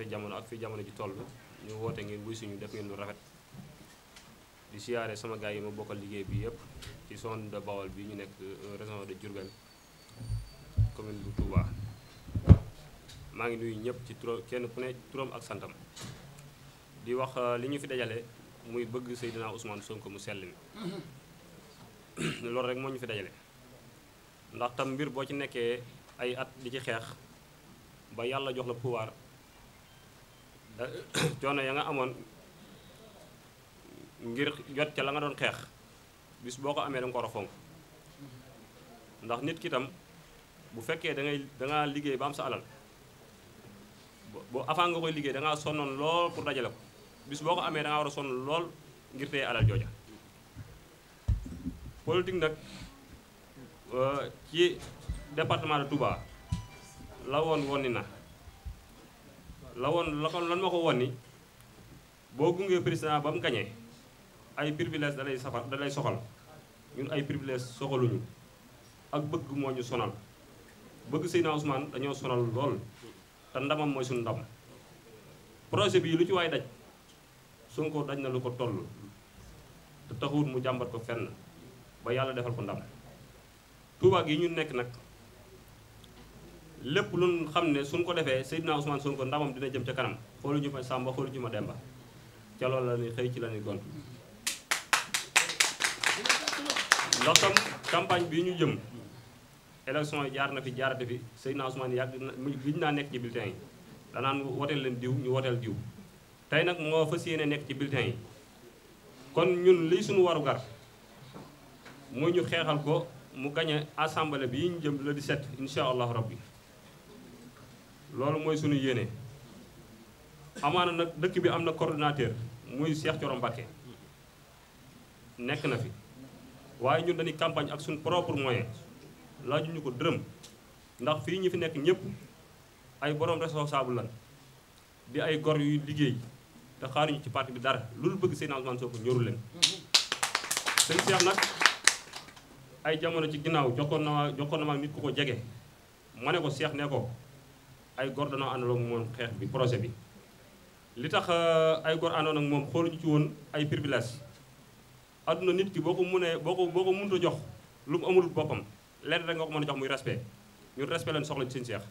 woote jamono ak fi jamono ji toll ñu woote ngeen buy suñu def ngeen lu rafet di siyaare sama gaa yi ma bokkal liggéey bi yëpp ci zone de Bawol bi ñu nekk euh, région de Diourbel commune bu Touba maa ngi nuyu ñëpp ci turam kenn ku ne turam ak santam di wax euh, li ñu fi dajale muy bëgg Seydina Ousmane Sonko mu sell mi loolu rek moo ñu fi dajale ndax tam mbir boo ci nekkee ay at di ci xeex ba yàlla jox la pouvoir coono ya nga amoon ngir jot ca la nga doon xeex bis boo ko amee danga ko war a fonk ndax nit ki itam bu fekkee da ngay dangaa liggéey ba am sa alal boo avant nga koy liggéey danga sonnoon lool pour dajale ko bis boo ko amee dangaa war a sonn lool ngir téye alal jooja politique nag euh, ci département de Touba la woon woon na la woon la ko lan ma ko won ni boo gungee président ba mu gañee ay privilège da lay safar dalay soxal ñun ay privilège soxaluñu ak bëgg moo ñu sonal bëgg Seydina Ousmane dañoo sonal lool te ndamam mooy suñu ndam projet bii lu ci waay daj Sonko daj na lu ko toll te taxut mu jàmbat ko fenn ba yàlla defal ko ndam Touba gi ñun nekk nag lépp lu xam ne suñ ko defee Seydina Ousmane ko ndamam dina jëm ca kanam xoolu ju ma Samba xoolu ju ma Demba ca loolu la ñuy xëy ci la ñuy gont ndax tam campagne bi ñu jëm élection jaar na fi jaarate fi Seydina Ousmane yàgg na giñ naa nekk ci bulletin yi danaan woteel leen diw ñu woteel diw tey nag moo fas yéene nekk ci bulletin yi kon ñun liy suñu warugar muy ñu xeexal ko mu gañe assemblée bi ñu jëm le 17 incha allahu rabbi loolu mooy suñu yéene amaana nag dëkk bi am na coordonnateur muy Cheikh Thioro Mbacké nekk na fi waaye ñun dañuy campagne ak suñu propre moyen laaju ñu ko dërëm ndax fii ñu fi nekk ñëpp ay borom responsable la di ay gor yu liggéey te xaaruñu ci parti bi dara loolu bëgg seen Ousmane Sonko ñoru leen seen Cheikh nag ay jamono ci ginnaaw jokkoon na jokkoon na ma nit ku ko jege ma ne ko seex ne ko ay góor danoo àndandoo ak moom xeex bi projet bi. li tax euh, ay góor àndoon ak moom xooluñu ci woon ay privilège adduna nit ki boo ko mënee boo ko boo ko a jox lu mu amul boppam lenn rek nga ko mën a jox muy respe ñun respect lañ soxla ci seex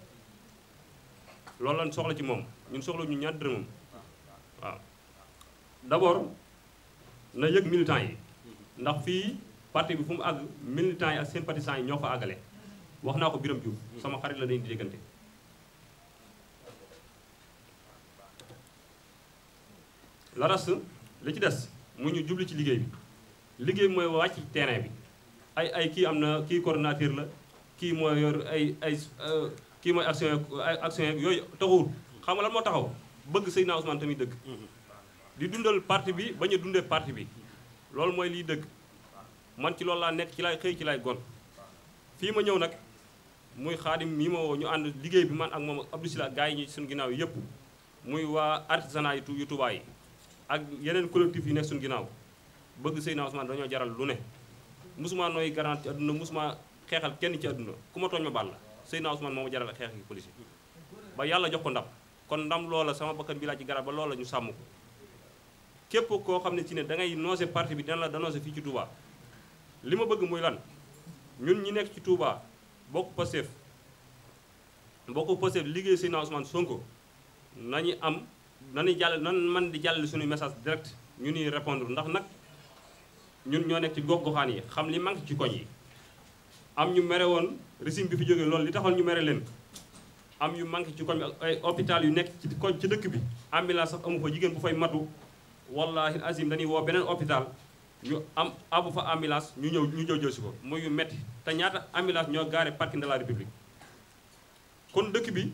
loolu lañ soxla ci moom ñun soxla ñu ñaar dërëmam waaw d'abord na yëg militant yi ndax fii parti bi fu mu àgg militant yi ak sympathisants yi ñoo fa àggale wax naa ko Biram Diouf sama xarit la dañuy diggante la ras li ci des mu ñu jubli ci liggéey bi liggéey bi mooy wàcc ci terrain bi ay ay kii am na kii coordinateur la kii mooy yor ay ay euh, kii mooy action action yooyu taxawul xam nga moo taxaw bëgg Seydina Ousmane tamit dëgg di dundal parti bi bañ a dundee parti bi loolu mooy liy dëgg man ci loolu laa nekk ci lay xëy ci lay gon fii ma ñëw nag muy xaadim mii ma woo ñu ànd liggéey bi man ak moom Abdou Sylla gars yi ñi suñu ginnaaw yëpp muy waa artisanat yu Touba ak yeneen collectif yi nekk suñu ginnaaw bëgg Seydina Ousmane dañoo jaral lu ne musuma nooy garanti ci àdduna musuma xeexal kenn ci àdduna ku ma tooñ ma baal la Seydina Ousmane moo ma jaral xeex gi police ba yàlla jox ko ndam kon ndam loola sama bakkan bi laa ci garab ba loola ñu sàmm ko képp koo xam ne ci ne dangay noose parti bi dina la danoose fii ci Touba li ma bëgg muy lan ñun ñi nekk ci Touba bokk Pastef bokk Pastef liggéey Seydina Ousmane Sonko nañu am na dañuy jàll nan man di jàll suñu message direct ñu ni répondre ndax nag ñun ñoo nekk ci gox goxaan yi xam li manque ci koñ yi am ñu mere woon régime bi fi jógee loolu li taxoon ñu mere leen am yu manque ci koñ bi ak ay hôpital yu nekk ci koñ ci dëkk bi ambulance sax amu fa jigéen bu fay matu wallahi azim dañuy woo beneen hôpital ñu am abu fa ambulance ñu ñëw ñu ñëw jël si ko muy yu metti te ñaata ambulance ñoo gaare parking de la république kon dëkk bi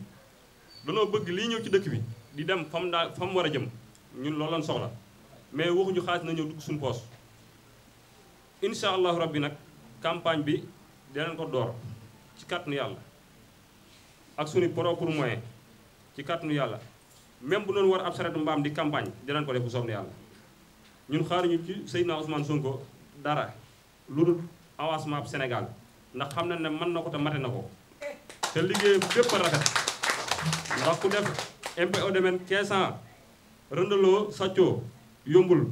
danoo bëgg lii ñëw ci dëkk bi di dem fam daa fam war a jëm ñun lool lañ soxla mais waxuñu xaalis na ñëw dugg suñu poos incha allahu rabbi nag campagne bi danañ ko door ci kàttanu yàlla ak suñu propre moyen ci kàttanu yàlla même bu doon war ab saretu mbaam di campagne dinañ ko def bu soob yàlla ñun xaaruñu ci Seydina Ousmane ko dara lu dul avancement bu Sénégal ndax xam na ne mën na ko te mate na ko te liggéey bépp rafet ndax ku def impôt au domaine 500 rëndaloo sàccoo yombul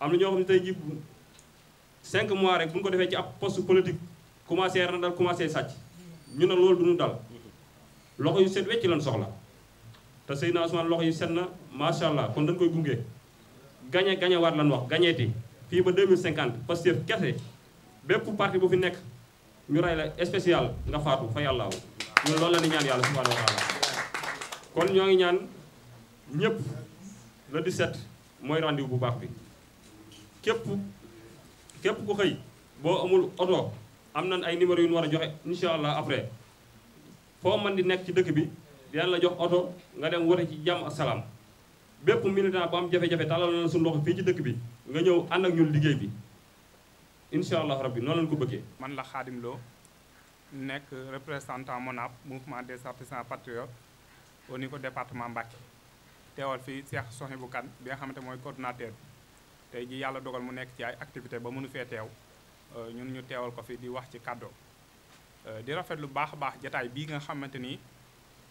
am na ñoo xam ne tey ji 5 mois rek bu ñu ko defee ci ab poste politique commencé randal commencé sàcc ñu ne loolu du ñu dal loxo yu set wecc lan soxla te Seydina Ousmane loxo yu set na macha allah kon dañ koy gunge gañe gañe waat lan wax gañeeti fii ba 2050 Pastef kese bépp parti bu fi nekk ñu rey la spécial nga faatu fa yàllaaw ñun loolu la ni ñaan yàlla subhanahu wa kon ñoo ngi ñaan ñëpp le 17 mooy rendez bu baax bi képp képp ku xëy boo amul oto am na ay numéro yu ñu war a joxe incha allah après foo man di nekk ci dëkk bi dinañ la jox oto nga dem wote ci jàmm ak salaam bépp militant bu am jafe-jafe talal na suñu loxo fii ci dëkk bi nga ñëw ànd ak ñun liggéey bi incha allah rabbi noonu lañ ko bëggee. man la Khadim Lo nekk représentant MONAP mouvement des artisans patriotes. au niveau département Mbacké teewal fii Cheikh bu Kane bi nga xamante mooy coordinateur bi tey ji yàlla dogal mu nekk ci ay activité ba mënu fee teew euh, ñun ñu teewal ko fi di wax ci kàddoo euh, di rafet lu baax a baax jataay bii nga xamante ni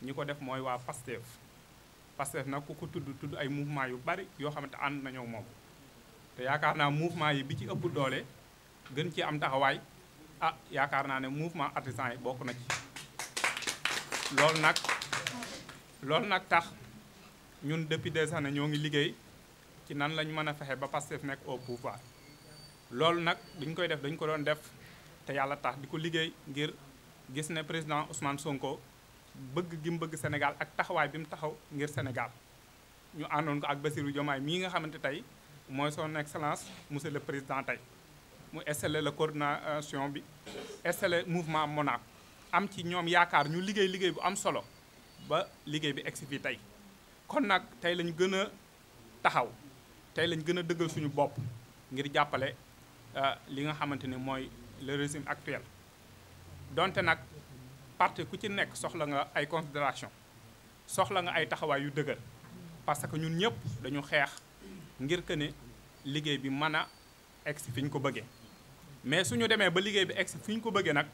ñi ko def mooy waa Pastef Pastef nag ku ko tudd tudd ay mouvement yu bari yoo xamante ànd nañoo moom te yaakaar naa mouvement yi bi ci ëpp doole gën ci am taxawaay ah yaakaar naa ne mouvement artisan yi bokk na loolu nag tax ñun depuis des années ñoo ngi liggéey ci nan lañ mën a fexe ba Pastef nekk au pouvoir loolu nag dañ koy def dañ ko doon def te yàlla tax di ko liggéey ngir gis ne président Ousmane Sonko bëgg gi mu bëgg Sénégal ak taxawaay bi mu taxaw ngir Sénégal ñu àndoon ko ak Bassirou Diomaye mii nga xamante tey mooy son excellence monsieur le président tey mu installé la coordination bi installé mouvement MONAC am ci ñoom yaakaar ñu liggéey liggéey bu am solo ba liggéey bi egsi fii tey kon nag tey lañ gën a taxaw tey lañ gën a dëggal suñu bopp ngir jàppale euh, li nga xamante ni mooy le régime actuel donte nag parti ku ci nekk soxla nga ay considération soxla nga ay taxawaay yu dëgër parce que ñun ñëpp dañu xeex ngir que ne liggéey bi mën a egsi fi ñu ko bëggee mais su ñu demee ba liggéey bi egsi fi ñu ko bëggee nag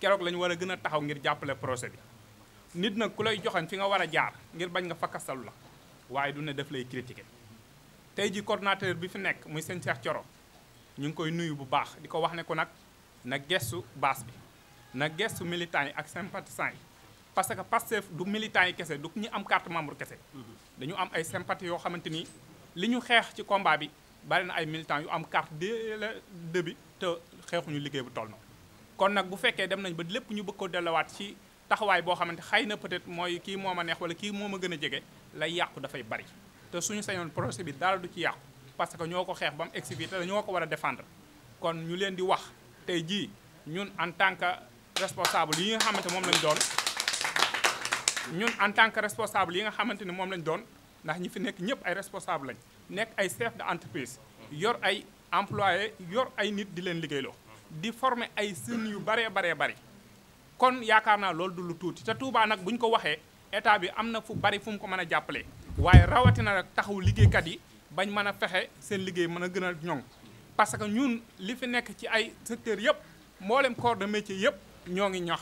keroog lañu war a gën a taxaw ngir jàppale projet bi nit nag ku lay joxañ fi nga war a jaar ngir bañ nga fakkastalu la waaye du ne def lay critiquer tey ji coordonnateur bi fi nekk muy seen Cheikh Thioro ñu ngi koy nuyu bu baax di ko wax ne ko nag nag gestu base bi na gestu militants yi ak sympathisants yi parce que Pastef du militants yi kese du ñi am carte membre kese mm-hmm. dañu am ay sympathie yoo xamante ni li ñu xeex ci combat bi bari na ay militants yu am carte dès la début te xeexuñu liggéey bu toll na kon nag bu fekkee dem nañ ba lépp ñu bëgg ko delluwaat ci taxawaay boo xamante xay na peut-être mooy kii moo ma neex wala kii moom ma gën a jege la yàqu dafay bari te suñu sañoon projet bi dara du ci yàqu parce que ñoo ko xeex ba mu egsi fii te dañoo ko war a défendre kon ñu leen di wax tey jii ñun en tant que responsable yi nga xamante moom lañ doon ñun en tant que responsable yi nga xamante ni moom lañ doon ndax ñi fi nekk ñëpp ay responsable lañ nekk ay chef d'entreprise yor ay employé yor ay nit di leen liggéeyloo di former ay jeunes yu baree baree bari kon yaakaar naa loolu du lu tuuti te Touba nag bu ñu ko waxee état bi am na fu bari fu mu ko mën a jàppale waaye rawatina nag taxaw liggéeykat yi bañ mën a fexe seen liggéey mën a gën a ñoŋ parce que ñun li fi nekk ci ay secteurs yëpp mboolem corps de métier yëpp ñoo ngi ñox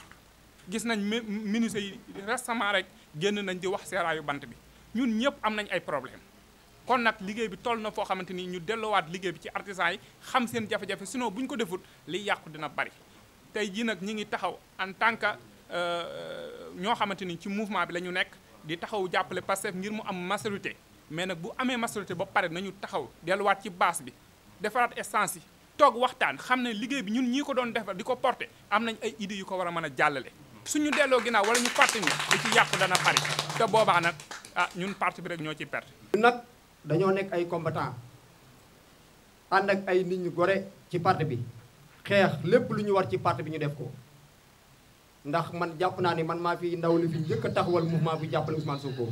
gis nañ ministre yi récemment rek génn nañ di wax seeraayu bant bi ñun ñëpp am nañ ay problème kon nag liggéey bi toll na foo xamante ni ñu delloowaat liggéey bi ci artisan yi xam seen jafe-jafe sinon ko defut liy yàqu dina bari tey jii nag ñi ngi taxaw en tant que euh, ñoo xamante ni ci mouvement bi la ñu nekk di taxaw jàppale Pastef ngir mu am maturité mais nag bu amee maturité ba pare nañu taxaw delluwaat ci base bi defaraat essence yi toog waxtaan xam ne liggéey bi ñun ñii ko doon defar di ko porter am nañ ay idées yu ko war a mën a jàllale suñu delloo ginnaaw wala ñu parti ñu li ci yàqu dana bari te boobaa nag ah ñun parti bi rek ñoo ci perte nag dañoo nekk ay combattant ànd ay nit ñu gore ci parti bi xeex lépp lu ñu war ci parti bi ñu def ko ndax man jàpp naa ni man maa fi ndaw li fi njëkk a taxawal mouvement bu jàppale Ousmane Sonko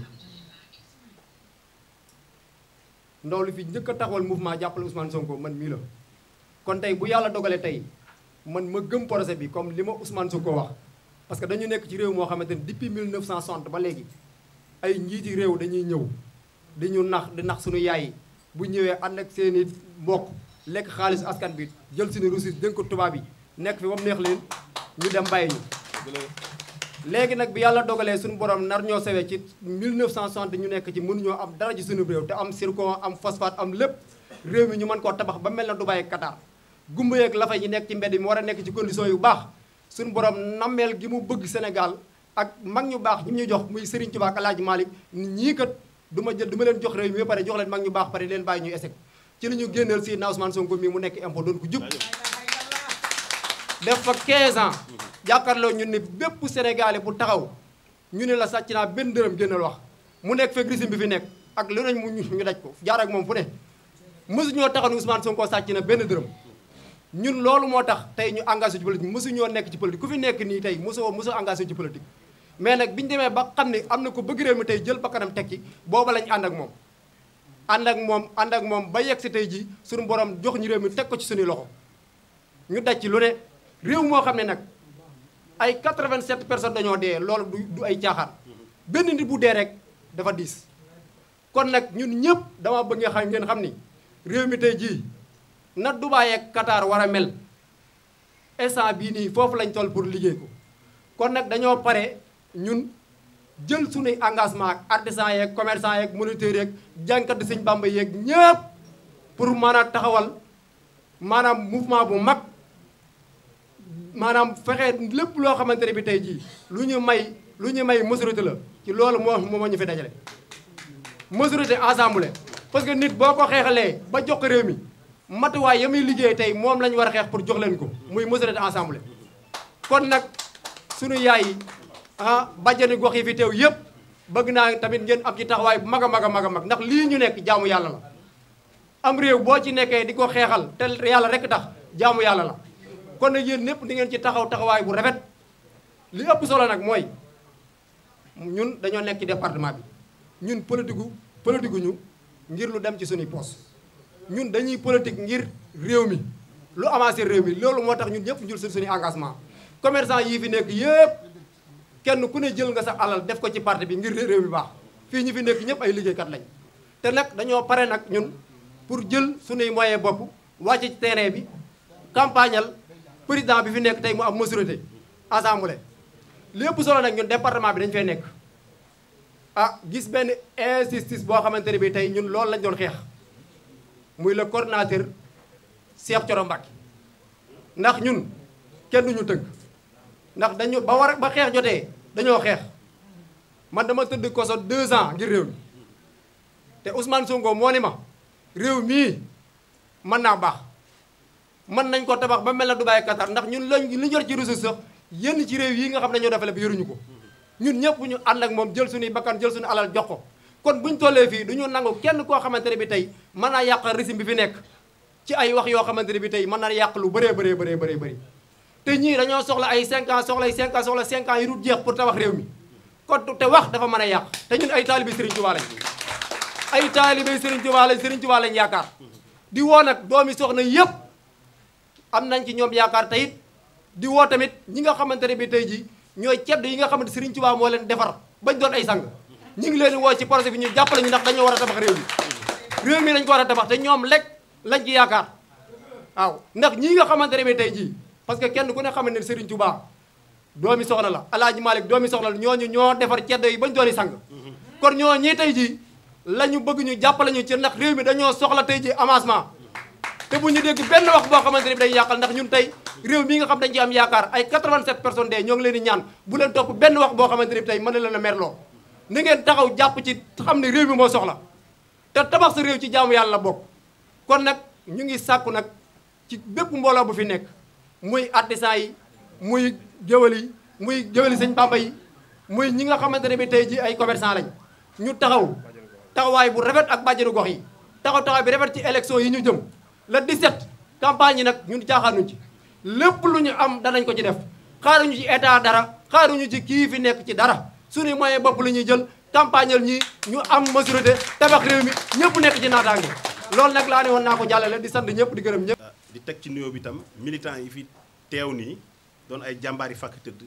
ndaw li fi njëkk a taxawal mouvement jàppale Ousmane Sonko man mii la kon tey bu yàlla dogalee tey man ma gëm projet bi comme li ma Ousmane Sonko wax parce que dañu nekk ci réew moo xamante ni depuis 1960 ba léegi ay njiiti réew dañuy ñëw di ñu nax di nax suñu yaay bu ñëwee ànd ak seeni mbokk lekk xaalis askan bi jël suñu ressource dénk ko tubaab yi nekk fi ba mu neex leen ñu dem bàyyi ñu. léegi nag bi yàlla dogalee suñu borom nar ñoo sewee ci 1960 ñu nekk ci mënuñoo am dara ci suñu réew te am zircon am phosphate am lépp réew mi ñu mën koo tabax ba mel na du ak Qatar. gumba yeeg lafa yi nekk ci mbedd mu war a nekk ci condition yu baax suñu borom nammeel gi mu bëgg Sénégal ak mag ñu baax ñi ñu jox muy Serigne Touba ak El Hadj Malick ñii kat du ma jox jox leen mag ñu baax pare leen bàyyi ñuy échec. ci la ñu génneel na Ousmane Sonko mii mu nekk impôt doon ko jub def fa 15 ans yàkkaarloo ñun ne bépp sénégalais bu taxaw ñu ne la sàcc naa benn dërëm génnal wax mu nekk fekk bi fi nekk ak lu nañ mu ñu daj ko jaar moom fu ne mësu ñoo taxaw ne Ousmane Sonko sàcc na benn dërëm ñun loolu moo tax tey ñu engagé ci politique mësu ñoo nekk ci politique ku fi nekk nii tey mësoo mësoo engagé ci politique mais nag bi ñu demee ba xam ne am na ko bëgg réew mi tey jël ba kanam tekki booba lañ ànd ak moom ànd ak moom ànd ak moom ba yegg si tey ji suñu borom jox ñu réew mi teg ko ci suñuy loxo ñu daj ci lu ne réew moo xam ne nag ay 87 personnes dañoo dee loolu du du ay caaxaan benn nit bu dee rek dafa diis kon nag ñun ñëpp dama bëgg nga xam ngeen xam ni réew mi tey jii na Dubaay ak Qatar war a mel instant bii nii foofu lañ toll pour liggéey ko kon nag dañoo pare ñun. jël sunuy engagement ak artisans yeeg commerçant yeeg moniteurs yeeg jànkati siñ Bàmba yeeg ñëpp pour man a taxawal maanaam mouvement bu mag maanaam fexee lépp loo xamante ne bi tey jii lu ñu may lu ñu may majorité la ci loolu moo moo ñu fi dajale majorité assemblée parce que nit boo ko xeexalee ba jox ko réew mi matuwaay ya muy liggéey tey moom la ñu war a xeex pour jox leen ko muy majorité assemblée kon nag sunu yaay yi ah bajjani gox yi fi teew yëpp bëgg naa tamit ngeen am ci taxawaay bu mag a mag a mag a mag ndax lii ñu nekk jaamu yàlla la am réew boo ci nekkee di ko xeexal te yàlla rek tax jaamu yàlla la kon nag yéen ñëpp di ngeen ci taxaw taxawaay bu rafet li ëpp solo nag mooy ñun dañoo nekk ci département bi ñun politique politique ñu ngir lu dem ci suñuy poos ñun dañuy politique ngir réew mi lu avancé réew mi loolu moo tax ñun ñëpp jël suñu engagement commerçant yii fi nekk yëpp kenn ku ne jël nga sa alal def ko ci parti bi ngir réew mi baax fii ñu fi nekk ñëpp ay liggéeykat lañ te nag dañoo pare nag ñun pour jël suñuy moyen bopp wàcc ci terrain bi campagnal président bi fi nekk tey mu am majorité assemblée lépp ëpp solo nag ñun département bi dañu fay nekk ah gis benn injustice boo xamante ne bi tey ñun loolu lañ doon xeex muy la coordinateur Cheikh Thioro Mbacké ndax ñun kenn duñu tënk ndax dañu ba war ba xeex jotee dañoo xeex man dama tëdd koso deux ans ngir réew mi te Ousmane Sonko moo ni ma réew mii man naa baax mën nañ ko tabax ba mel na Dubaay Qatar ndax ñun lañ li jot ci ressource sax yenn ci réew yi nga xam ne ñoo defale bi yoruñu ko ñun ñëpp ñu ànd ak moom jël suñuy bakkan jël suñu alal jox ko kon buñ tollee fii du nangu kenn koo xamante ne bi tey mën naa yàq régime bi fi nekk ci ay wax yoo xamante ne bi tey mën naa yàq lu bëree bëree bëree bëri te ñii dañoo soxla ay 5 soxla ay 5 ans soxla 5 ans yi dul jeex pour tabax réew mi kon te wax dafa mën a yàq te ñun ay taalibe Serigne Touba lañ ay taalibe Serigne Touba lañ Serigne Touba lañ yaakaar di woo nag doomi soxna yëpp am nañ ci ñoom yaakaar te di woo tamit ñi nga xamante ne bi tey jii ñooy cedd yi nga xamante Serigne Touba moo leen defar bañ doon ay sang ñu ngi leen woo ci projet bi ñu jàppale ñu ndax dañoo war a tabax réew mi réew mi dañ ko war a tabax te ñoom lekk lañ ci yaakaar waaw ndax ñi nga xamante ne bi tey jii parce que kenn ku ne xam ne Serigne Touba doomi soxna la El Hadj Malick doomi soxna la ñooñu ñoo defar ceddo yi bañ dooni sang. kon ñoo ñii tey jii la ñu bëgg ñu jàppale ñu ci ndax réew mi dañoo soxla tey ji avancement. te bu ñu dégg benn wax boo xamante ne bi dañu yàqal ndax ñun tey réew mii nga xam dañu ci am yaakaar ay 87 personnes de ñoo ngi leen di ñaan bu leen topp benn wax boo xamante ne bi tey mën na leen merloo ni ngeen taxaw jàpp ci xam ne réew mi moo soxla te tabax sa réew ci jaamu yàlla bokk kon nag ñu ngi sàkku nag ci bépp mbooloo bu fi nekk muy artisan yi muy jëwal yi muy jëwali sëñ Bamba yi muy ñi nga xamante ne bi tey ji ay commerçant lañ ñu taxaw taxawaay bu rafet ak bàjjenu gox yi taxaw taxaw bi rafet ci élection yi ñu jëm le 17 campagne yi nag ñun caaxaanuñ ci lépp lu ñu am danañ ko ci def xaaruñu ci état dara xaaruñu ci kii fi nekk ci dara suñu moyen bopp la ñuy jël campagne ñi ñu am majorité tabax réew mi ñëpp nekk ci naataange loolu nag laa ne woon naa ko jàllale di sant ñëpp di gërëm ñëpp di teg ci nuyoo bi itam militant yi fi teew nii doon ay jàmbaari fàkk tëdd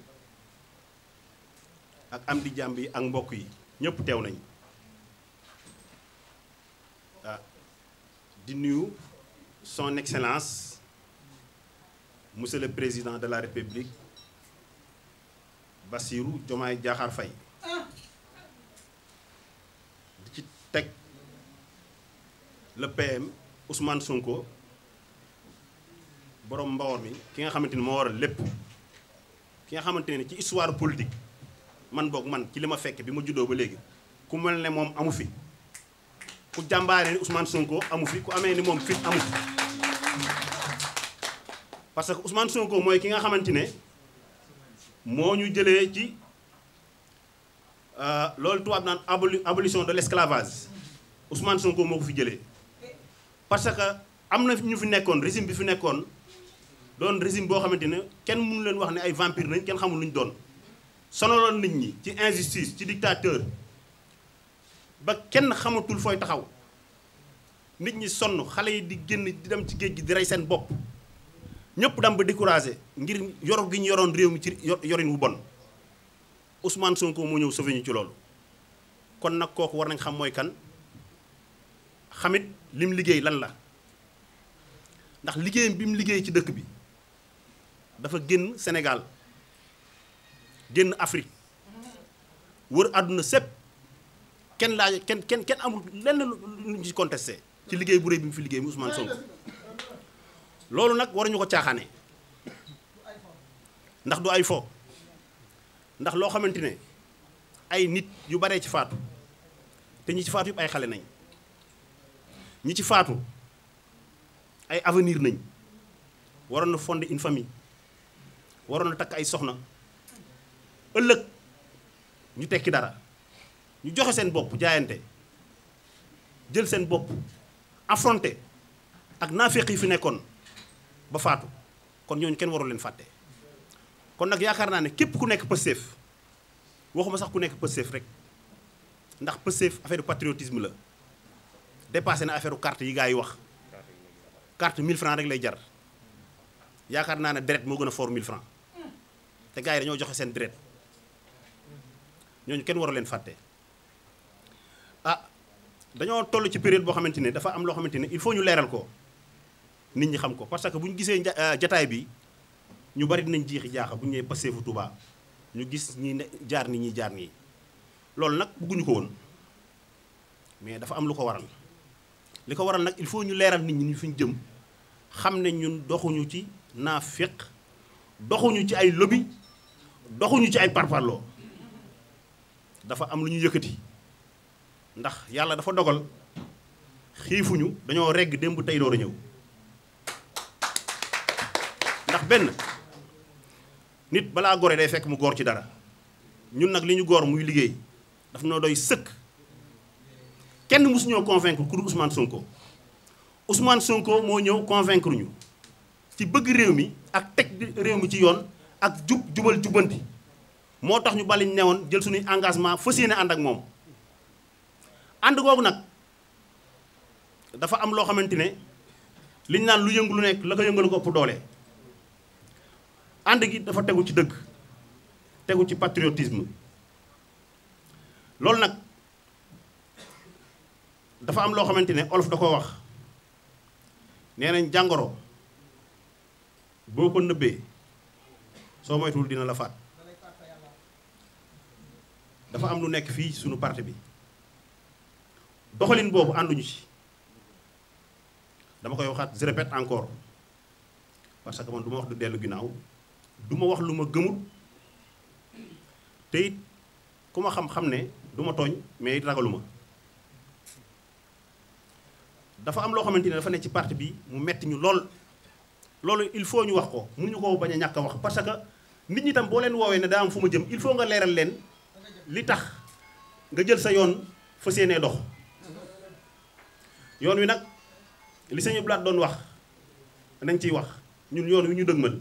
ak am di jàmb yi ak mbokk yi ñëpp teew nañ ah di nuyu son excellence monsieur le président de la république Bassirou Diomaye Diakhar Faye di ci teg le PM Ousmane Sonko borom mbawoor mi ki nga xamante ni moo waral lépp ki nga xamante ne ci histoire politique man boog man ci li ma fekk bi ma juddoo ba léegi ku mel ne moom amu fi ku jàmbaare ni Ousmane Sonko amu fi ku amee ni moom fi parce que Ousmane Sonko mooy ki nga xamante ne moo ñu jëlee ci euh, loolu tubaab naan abolition de l'esclavage Ousmane Sonko moo ko fi jëlee parce que am na ñu fi nekkoon régime bi fi nekkoon doon régime boo xamante ne kenn mënu leen wax ne ay vampire nañ kenn xamul luñ doon sonaloon nit ñi ci injustice ci dictateur ba kenn xamatul fooy taxaw nit ñi sonn xale yi di génn di dem ci géej gi di rey seen bopp ñëpp dam ba découragé ngir yor gi ñu yoroon réew mi ci yorin wu bon Ousmane Sonko moo ñëw sauvé ñu ci loolu kon nag kooku war nañ xam mooy kan xamit lim liggéey lan la ndax liggéeyam bi mu liggéey ci dëkk bi dafa génn senegal génn Afrique wër àdduna sépp kenn laaj kenn kenn kenn amul lenn lu ñu ci contesté ci liggéey bu rëy bi mu fi liggéey mu Ousmane Sonko loolu nag waruñu ko caaxaane ndax du ay fo ndax loo xamante ne ay nit yu baree ci faatu te ñi ci faatu yëpp ay xale nañ ñi ci faatu ay avenir nañ waroon na fonder une famille waroon na takk ay soxna ëllëg ñu tekki dara ñu joxe seen bopp jaayante jël seen bopp affronté ak naafeq yi fi nekkoon ba faatu kon ñooñu kenn warul leen fàtte kon nag yaakaar naa ne képp ku nekk Pastef waxuma sax ku nekk Pastef rek ndax Pastef affaire patriotisme la dépassé na affaire carte yi gars yi wax carte mille francs rek lay jar yaakaar naa ne deret moo gën a fort 1000 francs te gars yi dañoo joxe seen deret ñooñu kenn waru leen fàtte ah dañoo toll ci période boo xamante ne dafa am loo xamante ne il faut ñu leeral ko nit ñi xam ko parce que bu ñu gisee euh, jataay bi ñu bari dinañ jiixi jaaxa bu ñu ñëwee Pastef fu Touba ñu gis ñi ne jaar ni ñi jaar nii loolu nag bëgguñu ko woon mais dafa am lu ko waral li ko waral nag il faut ñu leeral nit ñi ñu fi ñu jëm xam ne ñun doxuñu ci naafiq doxuñu ci ay lobby doxuñu ci ay parparloo dafa am lu ñu yëkkati ndax yàlla dafa dogal xiifuñu dañoo regg démb tey door a ñëw ndax benn nit balaa gore day fekk mu goor ci dara ñun nag li ñu goor muy liggéey daf noo doy sëkk kenn mosu ñoo convaincre ku dul Ousmane Sonko Ousmane Sonko moo ñëw convaincre ñu ci bëgg réew mi ak teg réew mi ci yoon ak jub jubal jubanti moo tax ñu baliñ newoon jël suñuy engagement fas yéene ànd ak moom ànd googu nag dafa am loo xamante ne liñ naan lu yëngu lu nekk la ko yëngalu ko ëpp doole ànd gi dafa tegu ci dëgg tegu ci patriotisme loolu nag dafa am loo xamante ne olof da ko wax nee nañ jàngoro boo ko nëbbee soo moytuwul dina la faat dafa am lu nekk fii suñu parti bi doxalin boobu ànduñu si dama koy waxaat je répète encore parce que man du ma wax du dellu ginnaaw du ma wax lu ma gëmul te ku ma xam-xam ne du ma tooñ mais it ragaluma dafa am loo xamante ne dafa nekk ci parti bi mu metti ñu lool loolu il faut ñu wax ko mënuñu ko bañ a ñàkk a wax parce que nit ñi tam boo leen woowee ne daa am fu ma jëm il faut nga leeral leen li tax nga jël sa yoon fa séenee dox yoon wi nag li sëñ Abdou doon wax nañ ciy wax ñun yoon wi ñu dëgmal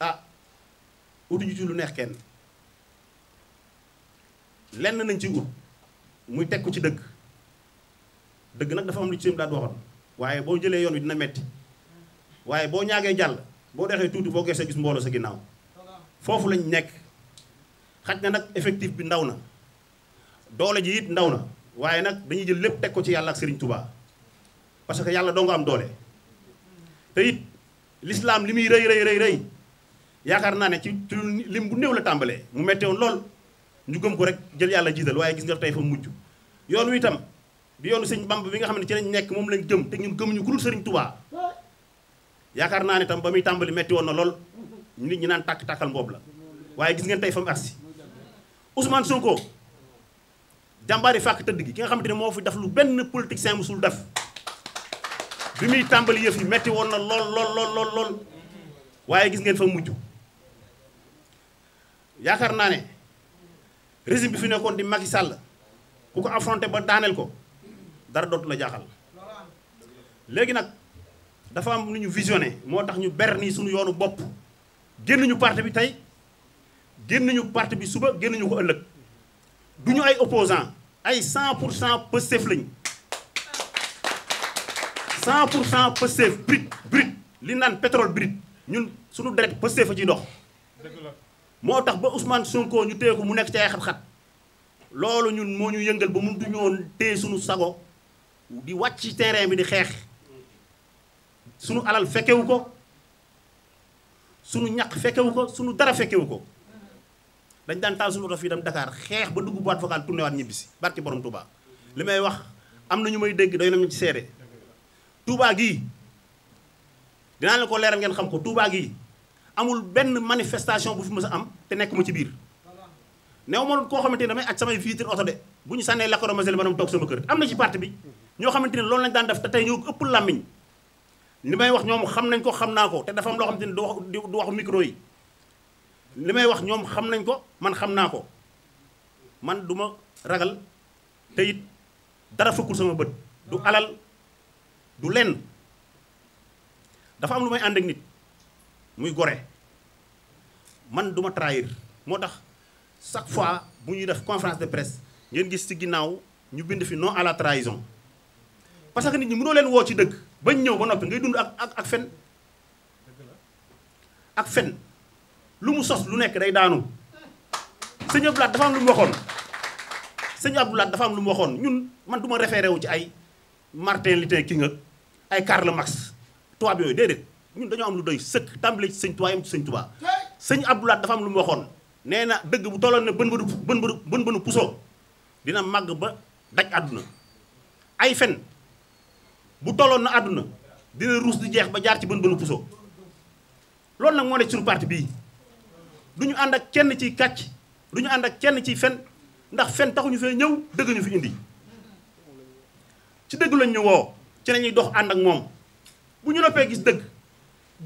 ah utuñu ci lu neex kenn lenn nañ ci ut muy teg ko ci dëgg dëgg nag dafa am lu ci sëñ Abdou waxoon waaye boo jëlee yoon wi dina metti waaye boo ñaagee jàll boo doxee tuuti boo geesee gis mbooloo sa ginnaaw foofu lañu nekk xaj na nag effectif bi ndaw na doole ji it ndaw na waaye nag dañuy jël lépp teg ko ci yàlla ak Serigne Touba parce que yàlla doo nga am doole te it lislaam li muy rëy rëy rëy rëy yaakaar naa ne ci ci lim bu néew la tàmbalee mu mettewoon lool ñu gëm ko rek jël yàlla jiital waaye gis nga tey fa mujj yoon wi itam di yoonu sëñ Bamba bi nga xam ne ci lañ nekk moom lañ gëm te ñun gëmuñu ku dul yaakaar naa ne tam ba muy tàmbali metti woon na lool nit ñi naan tàkk-tàkkal mboob la waaye gis ngeen tey fa mu agsi Ousmane Sonko jàmbaari fàkk tëdd gi ki nga xamante ne moo fi def lu benn politicien musul def bi muy tàmbali yëf yi metti woon na lool lool lool lool waaye gis ngeen fa mujj yaakaar naa ne régime bi fi nekkoon di Macky sàll ku ko affronté ba daaneel ko dara dootu la jaaxal léegi nag dafa am lu ñu visionné moo tax ñu ber nii suñu yoonu bopp génnuñu parti bi tey génnuñu parti bi suba génnuñu ko ëllëg du ñu ay opposant ay 100 pour cent Pastef lañu 100 pour cent Pastef brut brut li naan pétrole brut ñun sunu deret Pastef a ci ndox moo tax ba Ousmane Sonko ñu téye ko mu nekk ci ay xat-xat loolu ñun moo ñu yëngal ba mënut ñoo téye suñu sago di wàcc ci terrain bi di xeex sunu alal fekkewu ko sunu ñaq fekkewu ko sunu dara fekkewu ko dañ daan taal sunu oto fii dem dakaar xeex ba dugg boîte vocale tourné waat ñibbisi barki borom Touba li may wax am na ñu may dégg doy na ñu ci seede Touba gii dinaa la ko leeral ngeen xam ko Touba gii amul benn manifestation bu fi mu a am te nekk mu ci biir new ma koo xamante ne damay aj samay vitre oto de bu ñu sànnee lakkoro ma sel ma toog sama kër am na ci parti bi ñoo xamante ne loolu lañ daan def te tey ñëw ëpp làmmiñ li may wax ñoom xam nañ ko xam naa ko te dafa am loo xam te ne du wax du wax micro yi li may wax ñoom xam nañ ko man xam naa ko man du ma ragal te it dara fukkul sama bët du alal du lenn dafa am lu may ànd ak nit muy gore man duma ma trahir moo tax chaque fois bu ñuy def conférence de presse ngeen gis ci ginnaaw ñu bind fi non à la trahison parce que nit ñi mënoo leen woo ci dëgg. bañ ñëw ba noppi ngay dund ak ak ak fen ak fen lu mu sos lu nekk day daanu sëñ Abdoulaye dafa lu mu sëñ Abdoulaye dafa am lu mu waxoon ñun man duma ma référé ci ay Martin Luther King ak ay Karl Marx tubaab yooyu déedéet ñun dañoo am lu doy sëkk tàmbale ci sëñ Tuubaa yam ci sëñ Tuubaa sëñ Abdoulaye dafa am lu mu waxoon nee na dëgg bu tolloon ne bën bën bën bën bënu puso dina màgg ba daj àdduna ay fen bu tolloon na àdduna dina ruus di jeex ba jaar ci bën bënu puso loolu nag moo ne suñu parti bii du ñu ànd ak kenn ci kàcc du ñu ànd ak kenn ciy fen ndax fen taxuñu fee ñëw dëgg ñu fi indi ci dëgg lañ ñu woo ci nañuy dox ànd ak moom bu ñu noppee gis dëgg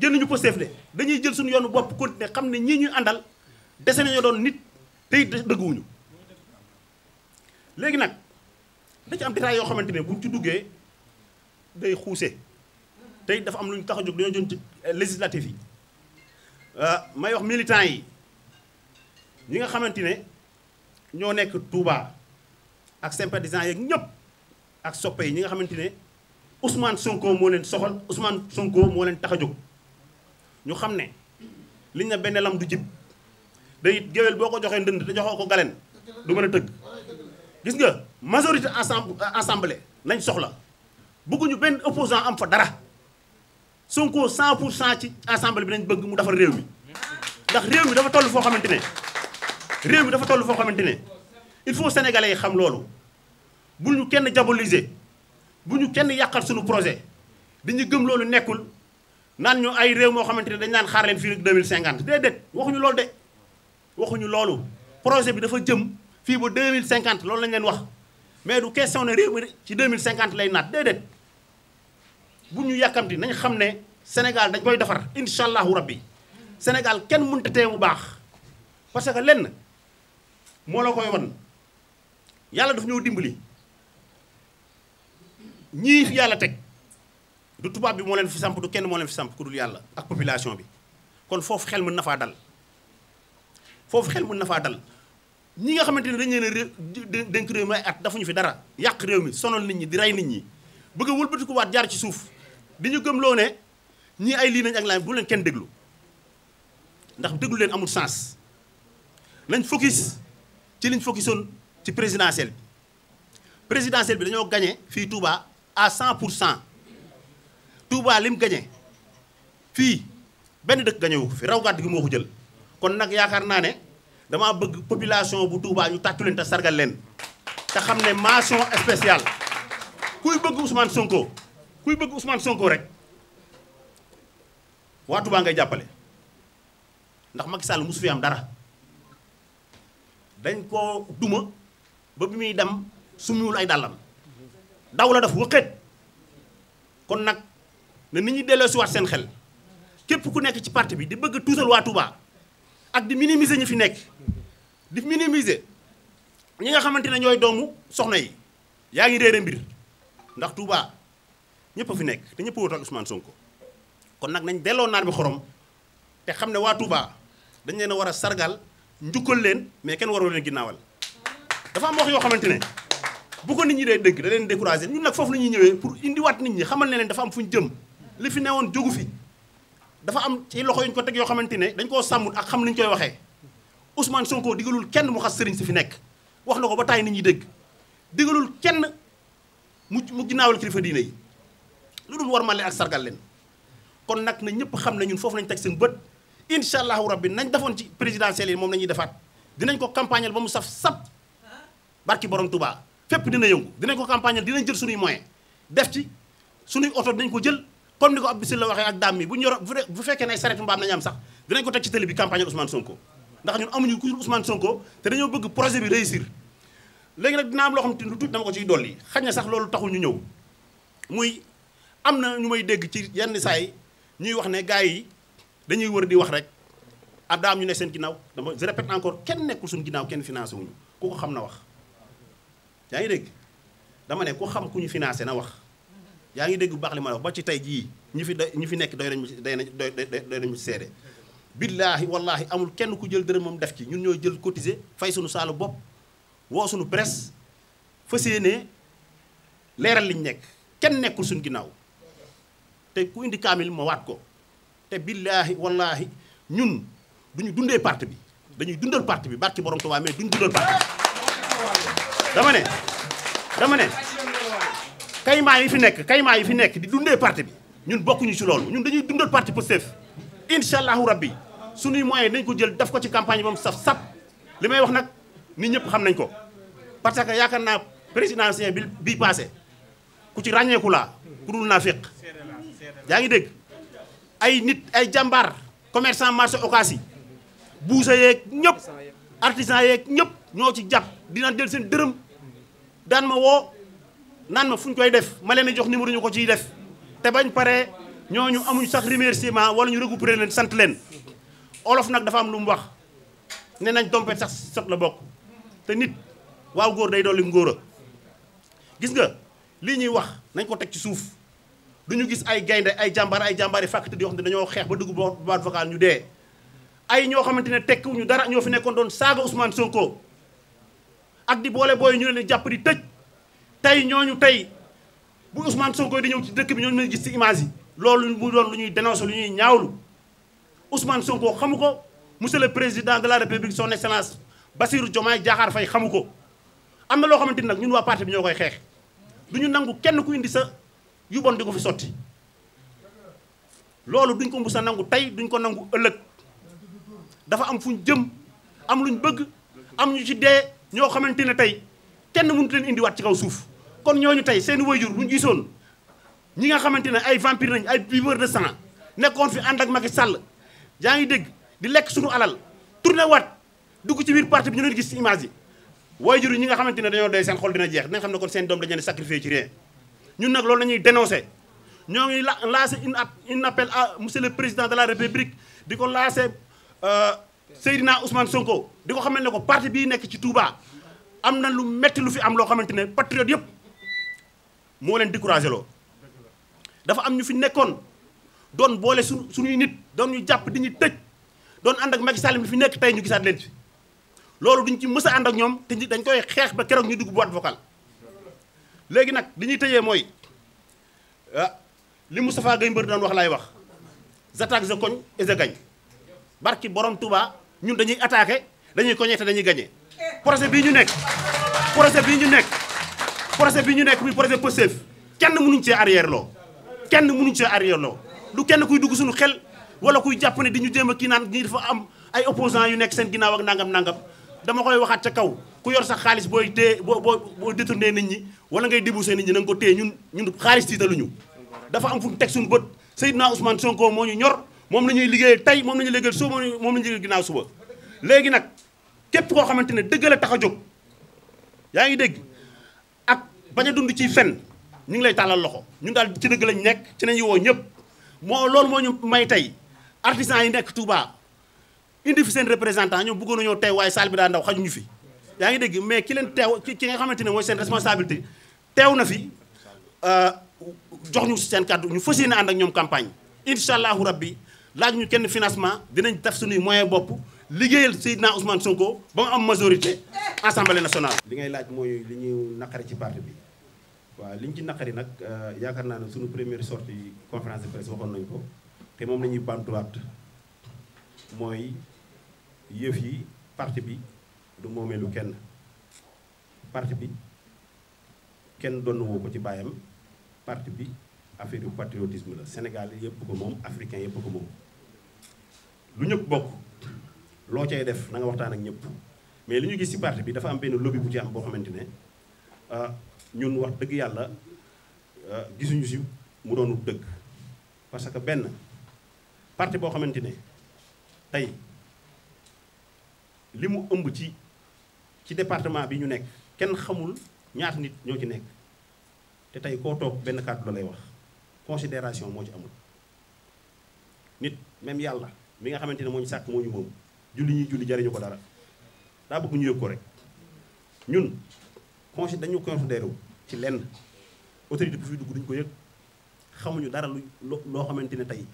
génn ñu ko seefle dañuy jël suñu yoonu bopp continuer xam ne ñii ñuy àndal dese nañoo doon nit tey dëgguwuñu léegi nag da ci am détail yoo xamante ne buñ ci duggee day xuuse tey dafa am lu ñu tax a jóg dañoo jëm ci législative yi euh, may wax militants yi ñi nga xamante ne ñoo nekk Touba ak sympathisants yeeg ñëpp ak soppe yi ñi nga xamante ne Ousmane Sonko moo leen soxal Ousmane Sonko moo leen tax jóg ñu xam ne liñ ne benn lam du jib day géwél boo ko joxee ndënd te joxoo ko galen du mën a tëgg gis nga majorité assemblée lañ soxla bëgguñu benn opposant am fa dara Sonko 100 pour cent ci assemblée bi nañ bëgg mu defar réew mi ndax réew mi dafa toll foo xamante ne réew mi dafa toll foo xamante ne il faut sénégalais yi xam loolu bu ñu kenn diaboliser bu ñu kenn yàqal suñu projet ñu gëm loolu nekkul naan ñu ay réew moo xamante ne dañ naan xaar leen fii rek 2050 déedéet waxuñu loolu de waxuñu loolu projet bi dafa jëm fii ba 2050 loolu lañ leen wax mais du question ne réew mi ci 2050 lay naat déedéet bu ñu yàkkamti nañ xam ne Sénégal dañ koy defar incha allahu rabbi Sénégal kenn mënta tee bu baax parce que lenn moo la koy wan yàlla daf ñëw dimbali ñii fi yàlla teg du tubaab bi moo leen fi samp du kenn moo leen fi samp ku dul yàlla ak population bi kon foofu xel mën na dal foofu xel mën na dal ñi nga xamante ne dañu leen a dénk réew mi ay at dafuñu fi dara yàq réew mi sonal nit ñi di rey nit ñi bëgg a wëlbatikuwaat jaar ci suuf li ñu gëmloo ne ñii ay lii nañ ak laaj bu leen kenn déglu ndax déglu leen amul sens nañ focus ci liñ focusoon ci présidentielle bi présidentielle bi dañoo gagné fii Touba à cent pour cent Touba lim gañe fii benn dëkk gagné fii raw gàdd gi moo ko jël. kon nag yaakaar naa ne damaa bëgg population bu Touba ñu tàccu leen te sargal leen te xam ne mention spéciale kuy bëgg Ousmane Sonko. kuy bëgg Ousmane Sonko rek waa Touba ngay jàppale ndax Macky Sall mosu fi am dara dañ koo duma ba bi muy dem summiwul ay dàllam daw la daf wëqeet kon nag ne nit ñi delloo si waat seen xel képp ku nekk ci parti bi di bëgg tuusal waa Touba ak di minimiser ñi fi nekk di minimise ñi nga xamante ne ñooy doomu soxna yi yaa ngi réere mbir ndax Touba ñëpp a fi nekk te ñëpp wóotu ak Ousmane Sonko kon nag nañ delloo naar bi xorom te xam ne waa Touba dañ leen a war a sargal njukkal leen mais kenn warul leen ginnaawal dafa am wax yoo xamante ne bu ko nit ñi dee dégg da leen découragé ñun nag foofu la ñuy ñëwee pour indiwaat nit ñi xamal ne leen dafa am fu ñu jëm li fi newoon jógu fi dafa am ci loxo yu ñu ko teg yoo xamante ne dañ koo sàmmut ak xam ni ñu koy waxee Ousmane Sonko digalul kenn mu xas sëriñ si fi nekk wax na ko ba taay nit ñi dégg digalul kenn mu mu ginnaawal kilifa diine yi lu dul warmale ak sargal leen kon nag na ñëpp xam ne ñun foofu nañ teg seen bët incha allahu rabbi nañ defoon ci présidentielle yi moom nañuy defaat dinañ ko campagnal ba mu saf sap barki borom tubaa fépp dina yëngu dinañ ko campagnal dinañ jël suñuy moyen def ci suñuy oto dinañ ko jël comme ni ko Abdou la waxee ak daam mi bu ñu bu fekkee ne saretu mbaam nañu am sax dinañ ko teg ci télé bi campagnal Ousmane Sonko ndax ñun amuñu ku Ousmane Sonko te dañoo bëgg projet bi réussir léegi nag dina am loo xam te lu tuuti dama ko ciy dolli xaj na sax loolu taxul ñu ñëw am na ñu may dégg ci yenn saa yi ñuy wax ne gars yi dañuy wër di wax rek ab daa am ñu ne seen ginnaaw dama je répète encore kenn nekkul suñ ginnaaw kenn financé wuñu ku xam na wax yaa dama ne xam ku ñu financé na wax yaa ngi dégg baax li ma wax ci tey jii ñi fi ñi fi nekk doy nañu doy nañu doy nañu seede billaahi wallaahi amul kenn ku jël dërëm moom def ci ñun ñooy jël cotiser fay suñu saalu bopp woo suñu fas yéenee leeral liñ nekk kenn nekkul suñu ginnaaw te ku indi kaamil ma waat ko te billaahi wallaahi ñun duñu dundee parti bi dañuy dundal parti bi barki borom Tuubaa mais duñu dundal parti bi dama ne dama ne kaymaa yi fi nekk kaymaa yi fi nekk di dundee parti bi ñun bokkuñu ci loolu ñun dañuy dundal parti Pastef incha allahu rabbi suñuy moyens nañ ko jël daf ko ci campagne bam saf sap li may wax nag ni ñëpp xam nañ ko parce que yaakaar naa présidentiel bi bii passé ku ci ràññeeku laa ku dul naa féq yaa ngi dégg ay nit ay jàmbaar commerçant marché occas yi buusa yeeg ñëpp artisan yeeg ñëpp ñoo ci jàpp dina dell seen dërëm daan ma woo naan ma fu ñu koy def ma leen jox numéro ñu ko ciy def te bañ pare ñoo ñu amuñ sax remerciement wala ñu récupérer leen sant leen olof nag dafa am lu mu wax ne nañ dompet sax sot la bokk te nit waaw góor day dolli ngóora gis nga lii ñuy wax nañ ko teg ci suuf du ñu gis ay gaynde ay jàmbar ay jàmbaar yi faculté yoo xam ne dañoo xeex ba dugg boîte vocale ñu dee ay ñoo xamante ne tekkiwuñu dara ñoo fi nekkoon doon saaga Ousmane Sonko ak di boole booy ñu leen di jàpp di tëj tey ñooñu tey bu Ousmane Sonko di ñëw ci dëkk bi ñooñu mën gis ci loolu mu doon lu ñuy dénoncer lu ñuy ñaawlu Ousmane Sonko xamu ko monsieur le président de la république son excellence Bassirou jomaa Diakhar fay xamu ko am na loo xamante ni nag ñun waa parti bi ñoo koy xeex du ñu nangu kenn ku indi sa yu bon di ko fi sotti loolu duñ ko mus a nangu tey duñ ko nangu ëllëg dafa am fuñ jëm am luñ bëgg am ñu ci dee ñoo xamante ne tey kenn mënut leen indiwaat ci kaw suuf kon ñooñu tey seen wayjur buñ gisoon ñi nga xamante ne ay vampire nañ ay buveur de sang nekkoon fi ànd ak Macky Sall yaa ngi dégg di lekk suñu alal tourné waat dugg ci biir parti bi ñu leen gis image yi yi ñi nga xamante ne dañoo doy seen xol dina jeex dina xam ne kon seen doom dañu ñun nag loolu la ñuy dénoncé ñoo ngi la lancé un appel à monsieur le président de la république di ko lancé euh, Seydina Ousmane Sonko di ko xamal ne ko parti bii nekk ci Touba am na lu metti lu fi am loo xamante ne patriote yëpp moo leen découragé loo dafa am ñu fi nekkoon doon boole su suñuy nit doon ñu jàpp di ñu tëj doon ànd ak Macky Sall mi fi nekk tey ñu gisaat leen fi loolu duñ ci mës ànd ak ñoom te dañ koy xeex ba keroog ñu dugg boîte vocale léegi nag li ñuy tëjee mooy ah, li mu safaa Gueye Mbër daan wax laay wax j'attaque je cogne et je gagne barki borom tubaa ñun dañuy attaqué dañuy cogné te dañuy gagné projet bii ñu nekk projet bii ñu nekk projet bii ñu nekk muy projet Pastef kenn mënuñ cee arrière loo kenn mënuñ cee arrière loo lu kenn kuy dugg suñu xel wala kuy jàpp ne di ñu jéem a kii naan ñi dafa am ay opposants yu nekk seen ginnaaw ak nangam nangam dama koy waxaat ca kaw ku yor sax xaalis booy téye boo boo boo détourné nit ñi wala ngay débouché nit ñi na ko téye ñun ñun xaalis tiitaluñu dafa am fu mu teg suñu bët Seydina Ousmane Sonko moo ñu ñor moom la ñuy liggéeyal tey moom nañu ñuy liggéeyal suba moom la ñuy liggéeyal léegi nag képp koo xamante ne dëgg la tax a jóg yaa ngi dégg ak bañ a dund ci fen ñu ngi lay tàllal loxo ñun daal ci dëgg lañ nekk ci nañu woo ñëpp moo loolu moo ñu may tey artisans yi nekk Touba indi fi seen représentant ñoom bëggoon nañoo teew waaye salle bi daa ndaw xajuñu fi yaa ngi dégg mais ki leen teew ki nga xamante ne mooy seen responsabilité teew na fi euh, jox ñu seen kàddu ñu fas yéene ànd ak ñoom campagne incha allahu bi laaj ñu kenn financement dinañ def suñuy moyen bopp liggéeyal Seydina Ousmane Sonko ba mu am majorité assemblée nationale. li ngay laaj mooy li ñu naqari ci parti bi waaw li ñu ci naqari nag euh, yaakaar naa ne suñu première sortie conférence de presse nañ ko moom la ñuy bantuwaat mooy. yëf yi parti bi du moomeelu kenn parti bi kenn donn woo ko ci baayam parti bi affaire yu patriotisme la Sénégal yëpp ko moom africain yëpp ko moom lu ñëpp bokk loo cay def na waxtaan ak ñëpp mais li ñu gis ci parti bi dafa am benn lobby bu ci am boo xamante ne ah, ñun wax dëgg yàlla ah, gisuñu si mu doonu dëgg parce que benn parti boo xamante ne tey li mu ëmb ci ci département bi ñu nekk kenn xamul ñaata nit ñoo ci nekk te tey koo toog benn kàddu la lay wax considération moo ci amul nit même yàlla mi nga xamante ne moo sàkk moo ñu moom julli ñuy julli jariñu ko dara daa bëgg ñu yëg ko rek ñun consi dañu considéré wu ci lenn autorité bu fi dugg duñ ko yëg xamuñu dara lu loo xamante ne tey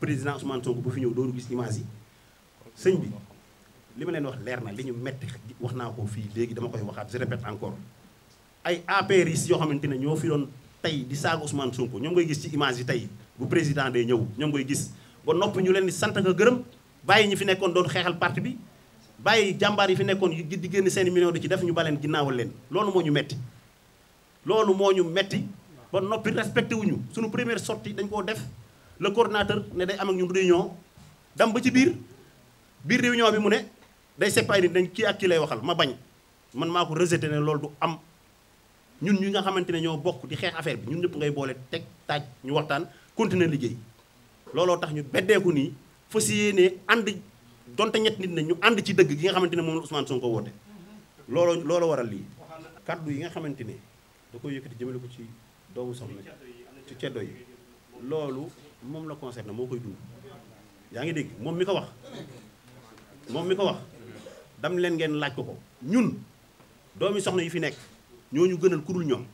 président Ousmane Sonko bu fi ñëw dooru gis image yi sëñ bi li ma leen wax leer na li ñu metti wax naa ko fii léegi dama koy waxaat je répète encore ay apéristes yoo xamante ne ñoo fi doon tey di saaga Ousmane Sonko ñoom ngay gis ci image yi tey bu président day ñëw ñoom ngay gis ba noppi ñu leen di sant nga gërëm bàyyi ñu fi nekkoon doon xeexal parti bi bàyyi jàmbaar yi fi nekkoon yi di génn seen million di ci def ñu baleen ginnaawal leen loolu moo ñu metti loolu moo ñu metti ba noppi respecté wuñu suñu première sortie dañ koo def le coordinateur ne day am ak ñun réunion dem ba ci biir biir bi mu ne day séparé ni dañ kii ak kii lay waxal ma bañ man maa ko rejeté ne loolu du am ñun ñu nga xamante ne ñoo bokk di xeex affaire bi ñun ñëpp ngay boole teg taaj ñu waxtaan continuer liggéey looloo tax ñu beddeeku nii fas yéenee ànd donte ñett nit na ñu ànd ci dëgg gi nga xamante ne moom la Ousmane ko woote looloo looloo waral lii kaddu yi nga xamante ne da koy yëkkati jëmale ko ci doomu soxna ci ceddo yi loolu moom la concerné moo koy dund yaa ngi dégg moom mi ko wax moom ko wax dam leen ngeen laaj ko ko ñun doomi soxna yi fi nekk ñooñu gënal ku dul ñoom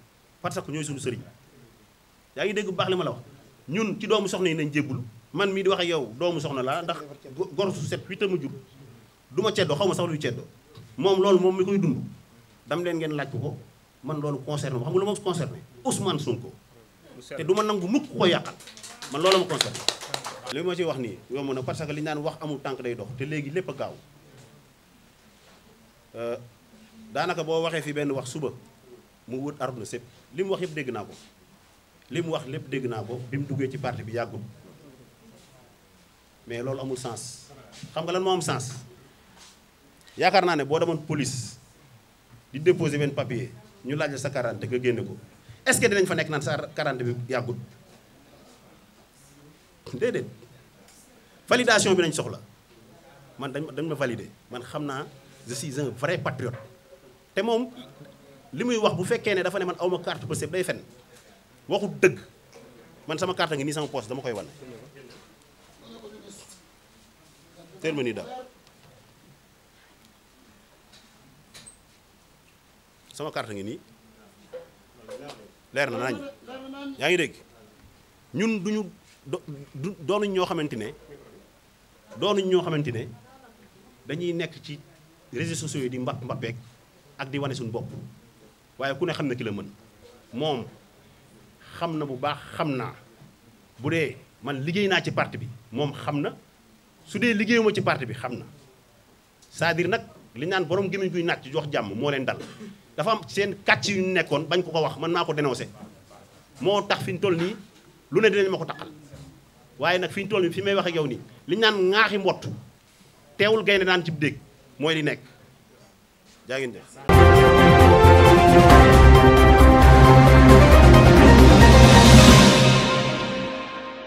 parce que ñooy suñu sëriñ yaa ngi dégg bu baax li ma la wax ñun ci doomu soxna yi nañ jébbul man mii di wax ak yow doomu soxna laa ndax gor su set wi ta ma jur du ma ceddoo xaw ma sax luy ceddoo moom loolu moom mi koy dund dam leen ngeen laaj ko ko man loolu concerné ma xam nga lu ma concerné Ousmane Sonko te du ma nangu mukk ko yàqal man loolu ma concerné li ma ci li ñu wax amul tànk day dox te léegi lépp a Euh, daanaka boo waxee fi benn wax suba mu wut àdduna sépp li mu wax yëpp dégg naa ko li mu wax lépp dégg naa ko bi mu duggee ci parti bi yàggul mais loolu amul sens xam nga lan moo am sens yaakaar naa ne boo demoon police di déposer benn papier ñu laaj la sa quarante nga génne ko est-ce que dinañ fa nekk naan sa quarante bi yàggul déedéet validation bi nañ soxla man dañ dañ ma valider man xam naa. je suis un vrai te moom li muy wax bu fekkee ne dafa ne man awma carte Pastef day fen waxu dëgg man sama kart ngi nii dama koy wane termini daal sama carte ngi nii leer na naañ yaa ngi dégg ñun duñu doonuñ ñoo xamante ne doonuñ ñoo xamante ne dañuy nekk ci réseaux sociaux yi di mbapp mbappeek ak di wane suñu bopp waaye ku ne xam na ki la mën moom xam na bu baax xam naa bu dee man liggéey naa ci parti bi moom xam na su dee liggéeyuma ci parti bi xam na cest dire nag li naan borom gémmiñ kuy naaj ci jox jàmm moo leen dal dafa am seen kàcc yu ñu nekkoon bañ ko ko wax mën naa ko dénoncé moo tax fi ñu toll nii lu ne dinañ ma ko taqal waaye nag fi ñu toll nii fi may waxe ak yow nii liñ naan ŋaaxi mbott teewul gaynde naan cib dégg mooy li nekk jaa ngeen jëf